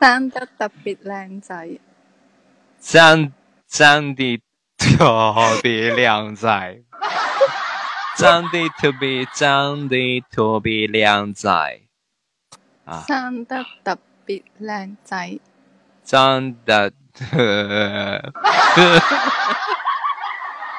生得特別靚仔，生生得特別靚仔，生得特別，生得特別靚仔。生得特別靚仔，生得。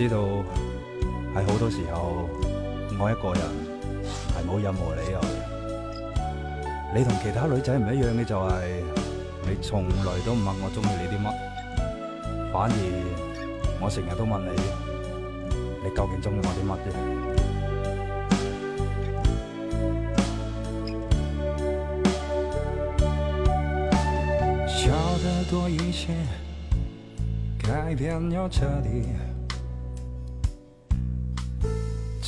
我知道，係好多時候，我一個人係冇任何理由。你同其他女仔唔一樣嘅就係、是，你從來都唔問我中意你啲乜？反而我成日都問你，你究竟中意我啲乜嘢？笑得多一些改變